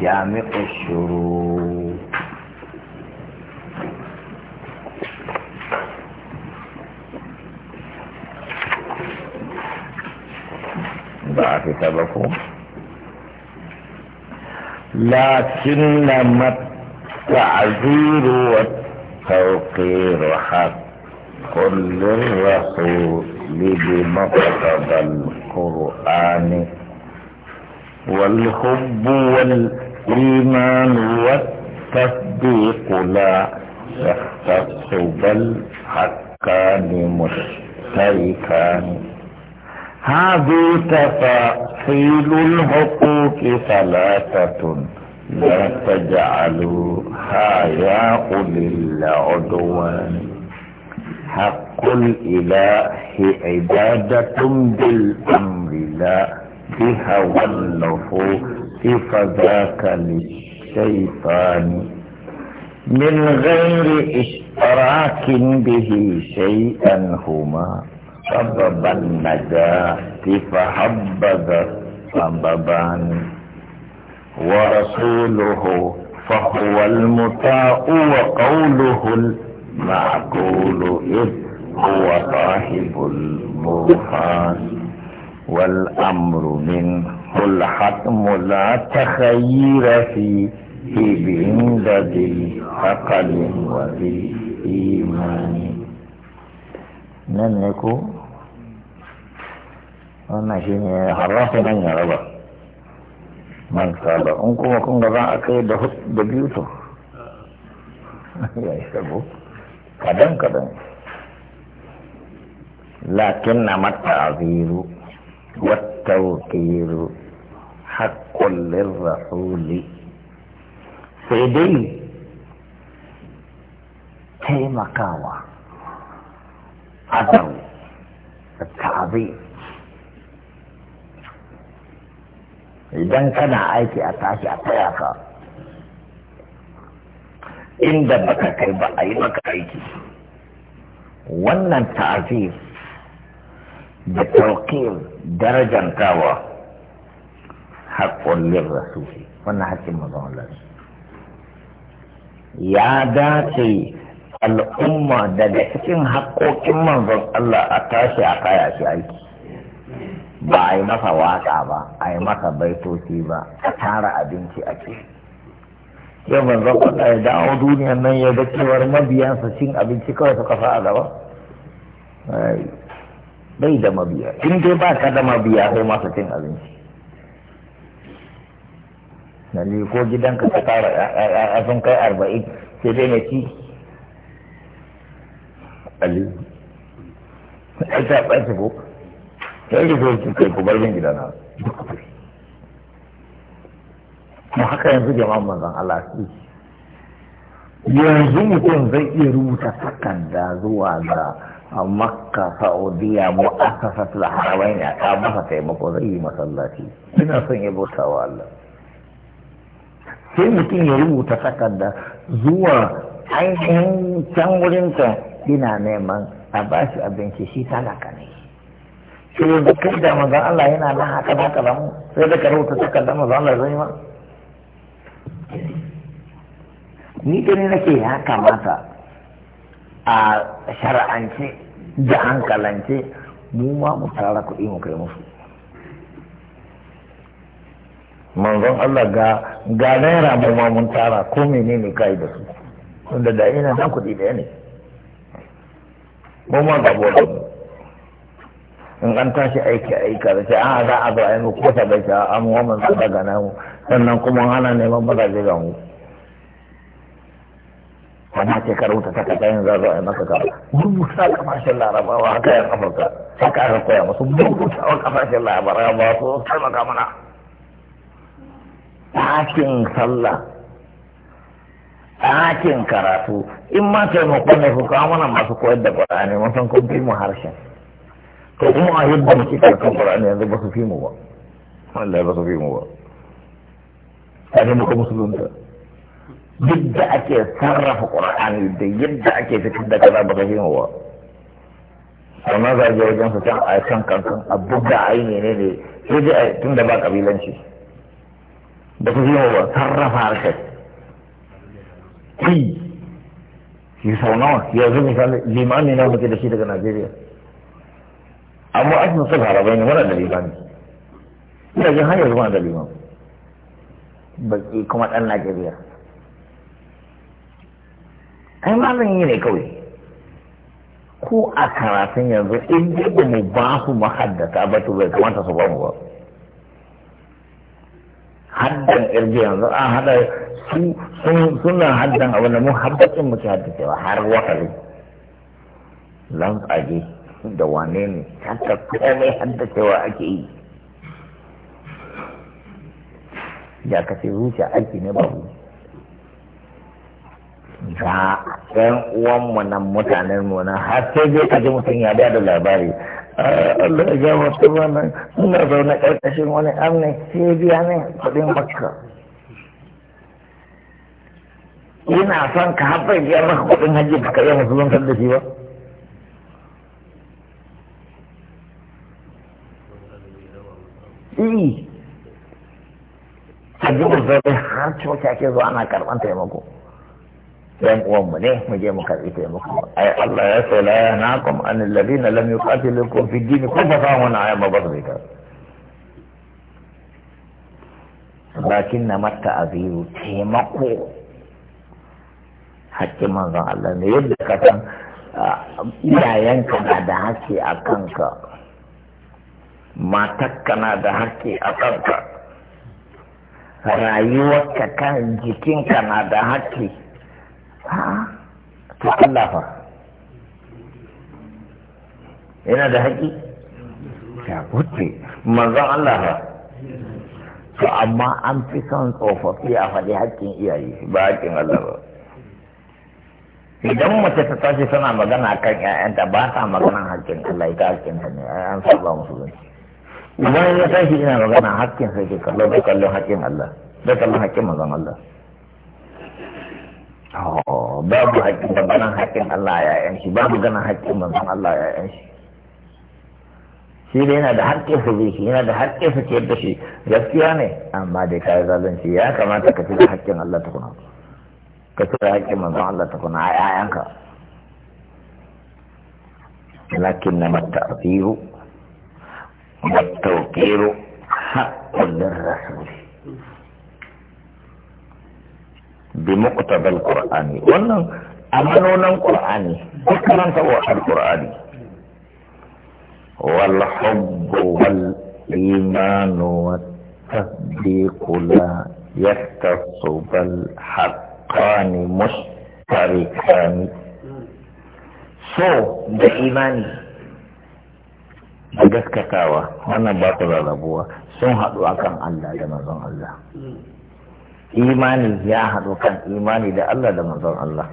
جامع الشروط بعد سبقه لكنما التعذير والتوقير حق كل الرسول بمقتضى القرآن والحب وال الإيمان والتصديق لا يختص بل حقان مشتركان هذه تفاصيل الحقوق ثلاثة لا تجعلوها يا أولي العدوان حق الإله عبادة بالأمر لا بهوى النفوس فذاك للشيطان من غير اشتراك به شيئا هما سبب النجاة فحبذ سببان ورسوله فهو المطاع وقوله المعقول إذ هو صاحب البرهان والأمر منه ملحط ملا تخير في في ذي عقل وذي ايمان نملكو انا شيء حراس من يرضى من قال انكم وكم غضاء كيد ده بيوتو يا شباب كدن كدن لكن ما التعذير التوقير حق للرسول سيدي تيمكاوا عدم التعظيم idan kana aiki a tashi a taya ka inda baka kai ba a yi maka aiki wannan ta'azir da tauƙir darajantawa haƙƙon sufi, wannan haƙƙin mazan Allah ya dace al'umma daga cikin haƙƙoƙin manzon Allah a tashi a kaya shi aiki ba a yi masa waƙa ba a yi masa baitoci ba a tara abinci a ce yau manzon Allah ya dawo duniyan nan ya da cewar mabiyansa cin abinci kawai suka sa a gaba bai da mabiya in dai ba ka da mabiya sai masu cin abinci na ne ko gidanka ka tara a sun kai arba'in sai dai na ci ali ai ta su ko ta yi ko ki kai ko barbin gidana mu haka yanzu jama'an manzon Allah su yanzu mutum zai iya rubuta takarda zuwa ga makka saudiya mu'assasatul haramain ya ka masa taimako zai yi masallaci ina son ya bauta wa Allah sai mutum ya rubuta takarda zuwa ainihin can wurin ta ina neman a ba shi abinci shi talaka ne sai yanzu kai da manzon Allah yana nan haka ba ka sai da ka rubuta takardar manzon Allah zai ma ni gani nake ya kamata a shara'ance da hankalance mu ma mu tara kuɗi mu kai musu manzon Allah ga ga naira mu ma mun tara ko menene kai da su wanda da ina na kuɗi da ne mu ma ga bodo in an tashi aiki aika da sai a za a zo a yi muku ko ta bai a amma mun daga nan sannan kuma hana neman mazaje ga mu kana ce ka rubuta takarda yin za a maka Mun rubuta kafashin larabawa haka yan afirka ka aka koya musu rubuta wa kafashin larabawa su taimaka mana ɗakin sallah ɗakin karatu in ma taimako ne ku kawo mana masu koyar da ƙwararre mun san kun fi mu harshen to kuma a yadda muke karfin ƙwararre yanzu ba su fi mu ba wallahi ba su fi mu ba kafin muka musulunta yadda ake sarrafa ƙur'ani da yadda ake fitar da kaza ba ka yi wa amma za a je wajen su can a kan kankan a buga a yi ne ne sai dai tun da ba kabilanci da ka yi wa sarrafa harkar yi ki sau nawa yanzu misali limami na muke da shi daga najeriya amma asin sun harabai ne muna da limami ina jin hanyar yanzu da limami baki kuma ɗan najeriya ai malam yi ne kawai ko a karatun yanzu in ji ba mu ba su mahaddata ba to bai kamata su ba mu ba haddan irgi yanzu a hada sunan haddan abin da mu haddacin haddace ba har wakari lantsage da wane ne haka komai haddacewa ake yi ya kace zuciya aiki ne babu ɗan uwan mu nan mutanen mu nan har sai dai ka ji mutum ya da labari Allah ya ga mutum nan ina zaune ƙarƙashin wani amne sai biya ne kuɗin baka. Ina son ka haɓar biya maka kuɗin hajji ba ka iya musulunta da shi ba Iya, a jimar zaune har cewa ake zuwa ana karɓar taimako. yan uwanmu ne mu je mu karɓi taimako ai Allah ya ce la yanakum an alladhina lam yuqatilukum fi din ko ba fa wannan aya ba ba zai ka lakin na matta aziru taimako hakkin manzon Allah ne yadda ka san iyayenka na da haƙƙi a kanka matakka na da haƙƙi a kanka rayuwarka kan jikinka na da haƙƙi to Allah fa yana da haƙi ya wuce manzon Allah fa to amma an fi son tsofaffi a faɗi haƙƙin iyaye ba haƙƙin Allah ba idan mace ta tashi tana magana kan ƴaƴanta ba ta magana haƙƙin Allah ita haƙƙin ta ne an saba musulunci idan ya tashi ina magana haƙƙin sai ke kallo da kallon haƙƙin Allah da kallon haƙƙin manzon Allah Oh, babu haƙƙin da ganin haƙƙin Allah ya yan babu ganin haƙƙin manzon Allah ya yan shi shi ne yana da haƙƙin su bi shi yana da haƙƙin su ciyar da shi gaskiya ne amma dai kai zalunci ya kamata ka cire haƙƙin Allah ta kuna ka cire haƙƙin manzon Allah ta kuna a ƴaƴanka lakin na matafiru matafiru haƙƙin rasuli bi muqtabal qur'ani wannan amanonan qur'ani ko ta wa qur'ani wal hubb wal iman wa tasdiqu la bal haqqani mushtarikan so da imani da gaskatawa wannan ba su rarrabuwa sun haɗu akan Allah da manzon Allah imani ya haɗu kan imani da Allah da manzon Allah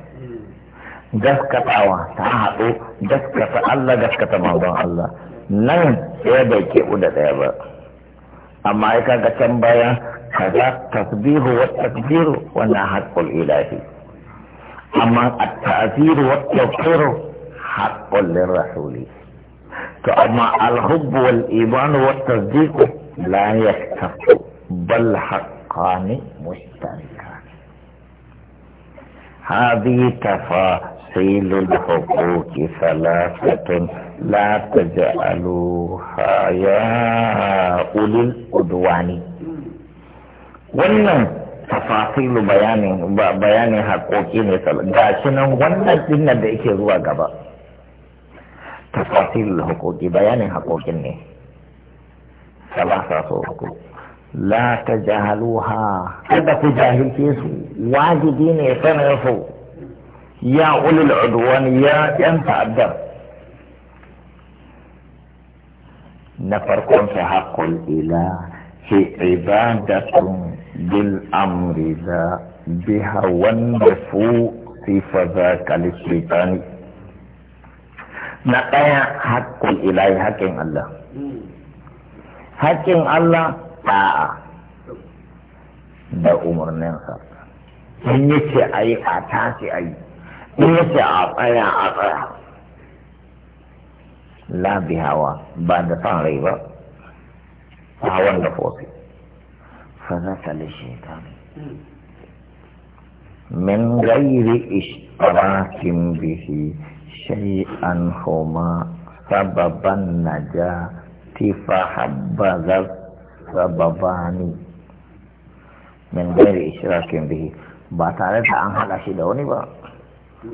gaskatawa ta haɗu gaskata Allah gaskata manzon Allah nan ɗaya bai ke da ɗaya ba amma ya kaga can baya kaza tasbihu wa takbiru wannan haqqul ilahi amma at-ta'ziru wa tawqiru haqqul rasuli to amma al hubbu wal iman wa tasdiqu la yaktafu bal haqq حقان مشتركان هذه تفاصيل الحقوق ثلاثة لا تجعلوها يا أولي الأدوان wannan tafasilu bayanin bayanin wannan da yake zuwa gaba tafasilul haƙoƙi bayanin ne salasa لا تجاهلوها هذا تجاهل في واجدين يتنعفوا يا اولي العدوان يا ينفع الدم نفركم في حق الاله في عبادكم بالامر ذا بها والنفوء في فذاك للشيطان نقيا حق الاله حكم الله حكم الله A'a, da umarninsa in ya a yi a tashi a yi in yace a tsaya a tsaya la hawa ba da san rai ba hawan da fosi fa za ta le shaitani min gairi ishtirakin bihi shay'an huma sababan sababani min gairi ishrakin bihi ba tare da an hada shi da wani ba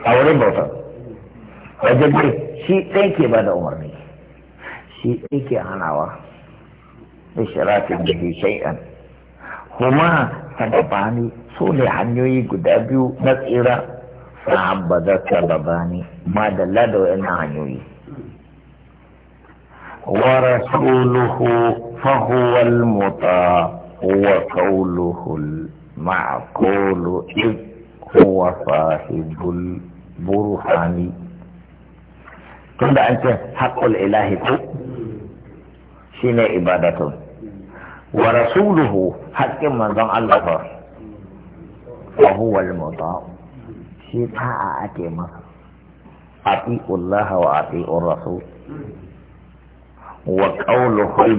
a wurin bautar wajen dai shi ɗai ke ba da umarni shi ɗai ke hanawa ishrakin bihi shai'an kuma sababani su ne hanyoyi guda biyu na tsira sahabba ba sababani ma da ladawa yana hanyoyi ورسوله فهو المطاع وقوله المعقول إذ هو صاحب البرهان كنت أنت حق الإله شين عبادته ورسوله حق من ظن الله وهو المطاع شتاء أتي مصر أطيعوا الله وأطيعوا الرسول wa qawluhu al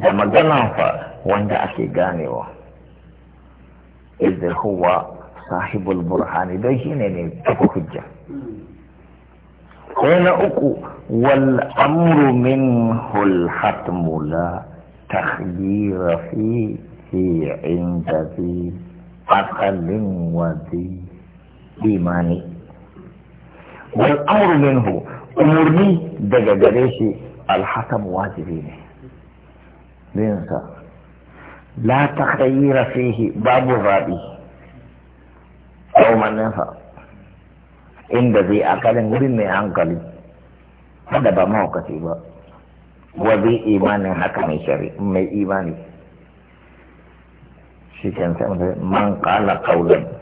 da maganan fa wanda ake ganewa idan huwa sahibul burhani dai shi ne ta hujja sai na uku wal amru min hul hatmu la takhdira fi inda bi aqalin wa imani wal amru hu umurni daga gare shi alhatam wajibi ne biyunsa la ta fihi babu zaɓi a umarninsa inda zai akalin wurin mai hankali kada ba mahaukaci ba wa zai imanin haka mai shari mai imani shi kan man kala kaulan